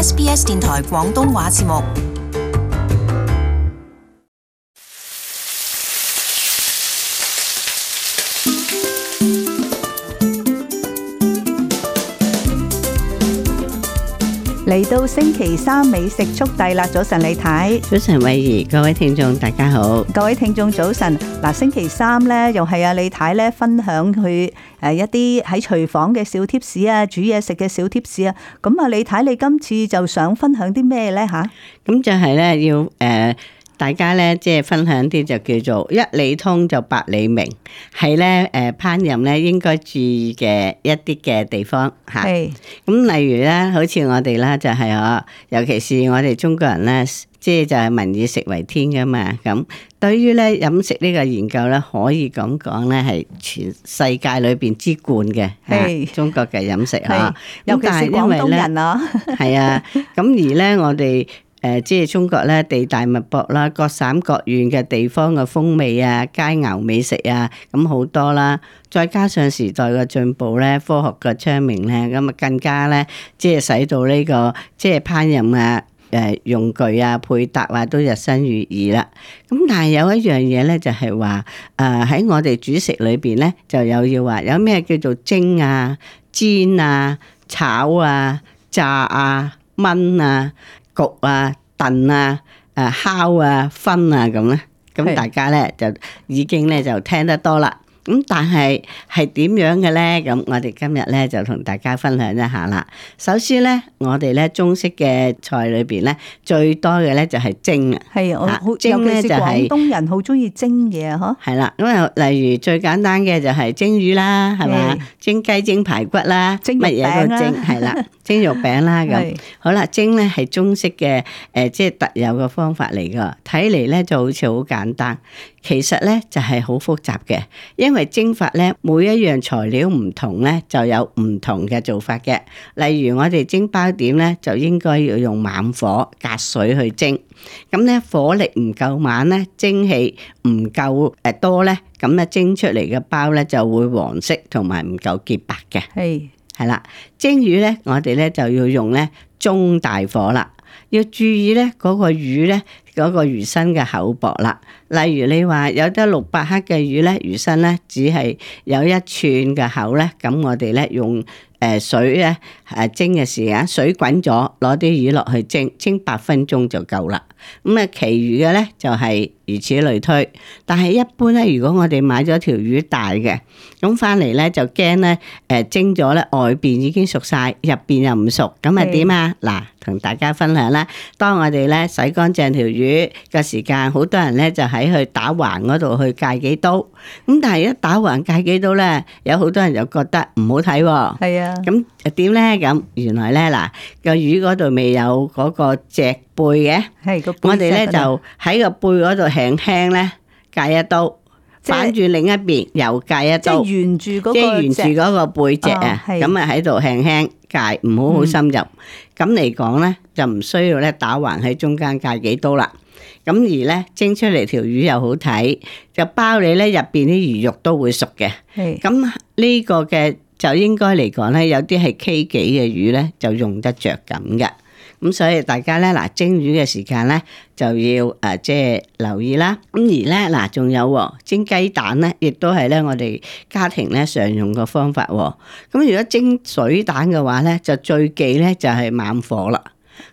SBS 電台廣東話節目。嚟到星期三美食速遞啦！早晨，李太。早晨，偉兒，各位聽眾大家好。各位聽眾早晨。嗱，星期三咧，又係阿李太咧分享佢誒一啲喺廚房嘅小貼士啊，煮嘢食嘅小貼士啊。咁啊，李太，你今次就想分享啲咩咧吓？咁就係咧，要誒。大家咧即係分享啲就叫做一理通就百理明，係咧誒烹飪咧應該注意嘅一啲嘅地方嚇。咁是、啊、例如咧，好似我哋啦就係、是、我，尤其是我哋中國人咧，即係就係民以食為天噶嘛。咁對於咧飲食呢個研究咧，可以咁講咧係全世界裏邊之冠嘅。係是中國嘅飲食啊，尤其是廣東人 啊，係啊。咁而咧我哋。誒，即係中國咧，地大物博啦，各省各縣嘅地方嘅風味啊、佳餚美食啊，咁好多啦。再加上時代嘅進步咧，科學嘅昌明咧，咁啊更加咧，即係使到呢、這個即係烹飪啊、誒、呃、用具啊、配搭啊，都日新月異啦。咁但係有一樣嘢咧，就係話誒喺我哋主食裏邊咧，就有要話有咩叫做蒸啊、煎啊、炒啊、炸啊、炆啊。焗啊、燉啊、誒、烤啊、熏啊咁咧，咁大家咧是就已經咧就聽得多啦。咁但係係點樣嘅咧？咁我哋今日咧就同大家分享一下啦。首先咧，我哋咧中式嘅菜裏邊咧最多嘅咧就係蒸啊。係啊，好，蒸咧就係廣東人好中意蒸嘢嗬。係、啊、啦，咁啊，例如最簡單嘅就係蒸魚啦，係嘛？是蒸雞、蒸排骨啦，乜嘢、啊、都蒸係啦？蒸肉餅啦，咁 是好啦。蒸咧係中式嘅誒，即係特有嘅方法嚟噶。睇嚟咧就好似好簡單，其實咧就係好複雜嘅，因為，蒸法咧，每一樣材料唔同咧，就有唔同嘅做法嘅。例如我哋蒸包點咧，就應該要用猛火隔水去蒸。咁咧火力唔夠猛咧，蒸汽唔夠誒、呃、多咧，咁啊蒸出嚟嘅包咧就會黃色同埋唔夠潔白嘅。係係啦，蒸魚咧，我哋咧就要用咧中大火啦。要注意咧，嗰個魚咧，嗰、那個魚身嘅厚薄啦。例如你話有得六百克嘅魚咧，魚身咧只係有一寸嘅厚咧，咁我哋咧用誒水咧誒蒸嘅時間啊，水滾咗，攞啲魚落去蒸，蒸八分鐘就夠啦。咁啊，其餘嘅咧就係、是。如此類推，但係一般咧，如果我哋買咗條魚大嘅，咁翻嚟咧就驚咧，誒、啊、蒸咗咧外邊已經熟晒，入邊又唔熟，咁啊點啊？嗱是，同大家分享啦。當我哋咧洗乾淨條魚嘅時間，好多人咧就喺去打橫嗰度去界幾刀，咁但係一打橫界幾刀咧，有好多人就覺得唔好睇，係啊，咁點咧？咁原來咧嗱，魚個魚嗰度未有嗰個脊。背嘅，我哋咧就喺個背嗰度輕輕咧界一刀，反住另一邊又界一刀，即係沿住嗰即係沿住嗰個背脊啊，咁啊喺度輕輕界，唔好好深入。咁嚟講咧，就唔需要咧打橫喺中間界幾刀啦。咁而咧蒸出嚟條魚又好睇，就包你咧入邊啲魚肉都會熟嘅。係。咁呢個嘅就應該嚟講咧，有啲係 K 幾嘅魚咧，就用得着咁嘅。咁、嗯、所以大家咧嗱，蒸魚嘅時間咧就要誒即係留意啦。咁而咧嗱，仲有蒸、哦、雞蛋咧，亦都係咧我哋家庭咧常用嘅方法、哦。咁、嗯、如果蒸水蛋嘅話咧，就最忌咧就係、是、猛火啦。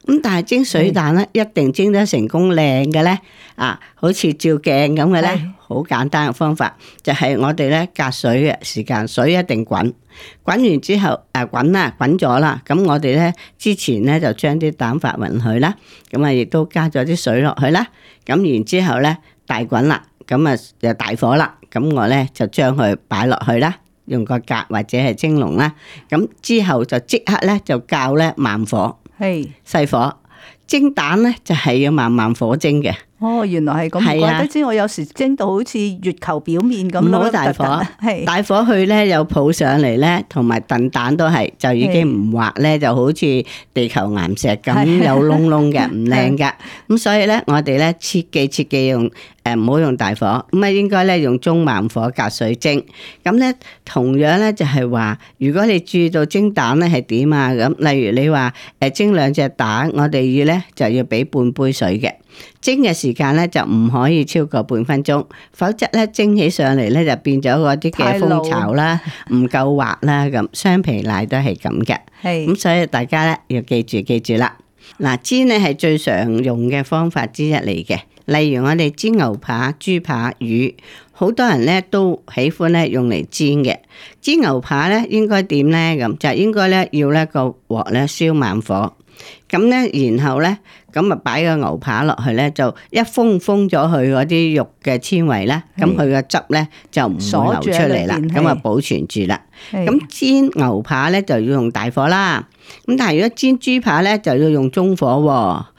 咁但係蒸水蛋咧，一定蒸得成功靚嘅咧，嗯、啊，好似照鏡咁嘅咧，好唉簡單嘅方法就係、是、我哋咧隔水嘅時間，水一定滾，滾完之後誒滾啦，滾咗啦，咁我哋咧之前咧就將啲蛋白匀佢啦，咁啊亦都加咗啲水落去啦，咁然之後咧大滾啦，咁啊又大火啦，咁我咧就將佢擺落去啦，用個格或者係蒸籠啦，咁之後就即刻咧就較咧慢火。係細火蒸蛋呢，就係、是、要慢慢火蒸嘅。哦，原來係咁。怪得知我有時蒸到好似月球表面咁，冇大火，係大火去咧，又抱上嚟咧，同埋燉蛋都係就已經唔滑咧，是就好似地球岩石咁是有窿窿嘅，唔靚噶。咁所以咧，我哋咧切忌切忌用，誒唔好用大火咁啊，應該咧用中慢火隔水蒸。咁咧同樣咧就係話，如果你注意到蒸蛋咧係點啊？咁例如你話誒蒸兩隻蛋，我哋要咧就要俾半杯水嘅。蒸嘅時間咧就唔可以超過半分鐘，否則咧蒸起上嚟咧就變咗嗰啲嘅蜂巢啦，唔夠老滑啦咁。雙皮奶都係咁嘅，咁是所以大家咧要記住記住啦。嗱，煎咧係最常用嘅方法之一嚟嘅，例如我哋煎牛扒、豬扒、魚，好多人咧都喜歡咧用嚟煎嘅。煎牛扒咧應該點咧咁？就應該咧要咧個鑊咧燒猛火。咁咧，然後咧，咁啊擺個牛扒落去咧，就一封封咗佢嗰啲肉嘅纖維咧，咁佢個汁咧就唔會流出嚟啦，咁啊保存住啦。咁煎牛扒咧就要用大火啦，咁但係如果煎豬扒咧就要用中火喎，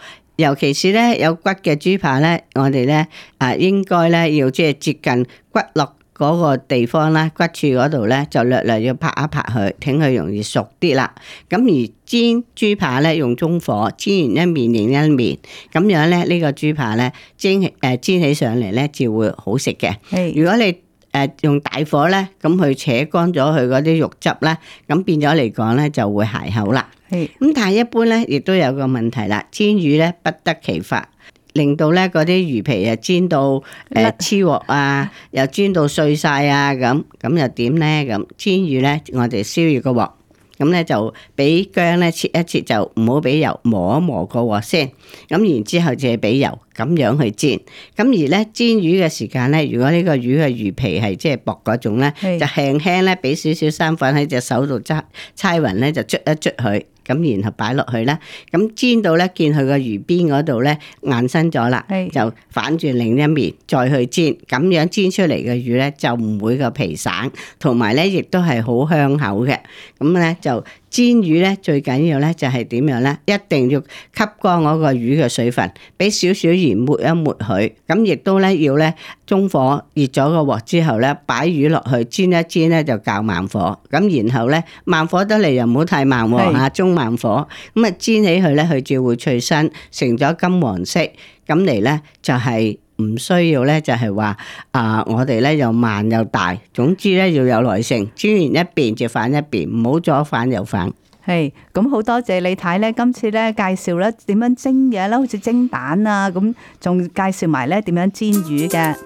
尤其是咧有骨嘅豬扒咧，我哋咧啊應該咧要即係接近骨落。嗰個地方啦，骨處嗰度咧就略略要拍一拍佢，整佢容易熟啲啦。咁而煎豬扒咧，用中火煎完一面，另一面咁樣咧，這個、豬呢個豬扒咧煎誒煎起上嚟咧就會好食嘅。是如果你誒、呃、用大火咧，咁去扯乾咗佢嗰啲肉汁啦，咁變咗嚟講咧就會鞋口啦。咁是但係一般咧，亦都有個問題啦，煎魚咧不得其法。令到咧嗰啲魚皮啊煎到誒黐鑊啊，又煎到碎晒啊咁，咁又點咧咁煎魚咧？我哋燒熱個鑊，咁咧就俾薑咧切一切就，就唔好俾油磨一磨個鑊先。咁然之後就係俾油咁樣去煎。咁而咧煎魚嘅時間咧，如果呢個魚嘅魚皮係即係薄嗰種咧，是就輕輕咧俾少少生粉喺隻手度揸搓，搓勻咧，就捽一捽佢。咁然後擺落去啦。咁煎到咧見佢個魚邊嗰度咧硬身咗啦，是就反轉另一面再去煎，咁樣煎出嚟嘅魚咧就唔會個皮散，同埋咧亦都係好香口嘅，咁咧就。煎魚咧最緊要咧就係、是、點樣咧？一定要吸乾嗰個魚嘅水分，俾少少鹽抹一抹佢。咁亦都咧要咧中火熱咗個鑊之後咧，擺魚落去煎一煎咧就較慢火。咁然後咧慢火得嚟又唔好太慢喎嚇，是下中慢火咁啊煎起佢咧佢至會脆身，成咗金黃色咁嚟咧就係、是。唔需要咧，就係話啊！我哋咧又慢又大，總之咧要有耐性，煎完一邊就翻一邊，唔好左翻右翻。係咁，好多謝你睇咧，今次咧介紹咧點樣蒸嘢啦，好似蒸蛋啊咁，仲介紹埋咧點樣煎魚嘅。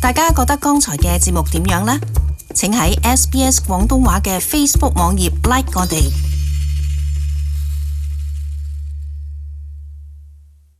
大家覺得剛才嘅節目點樣咧？請喺 SBS 廣東話嘅 Facebook 網頁 like 我哋。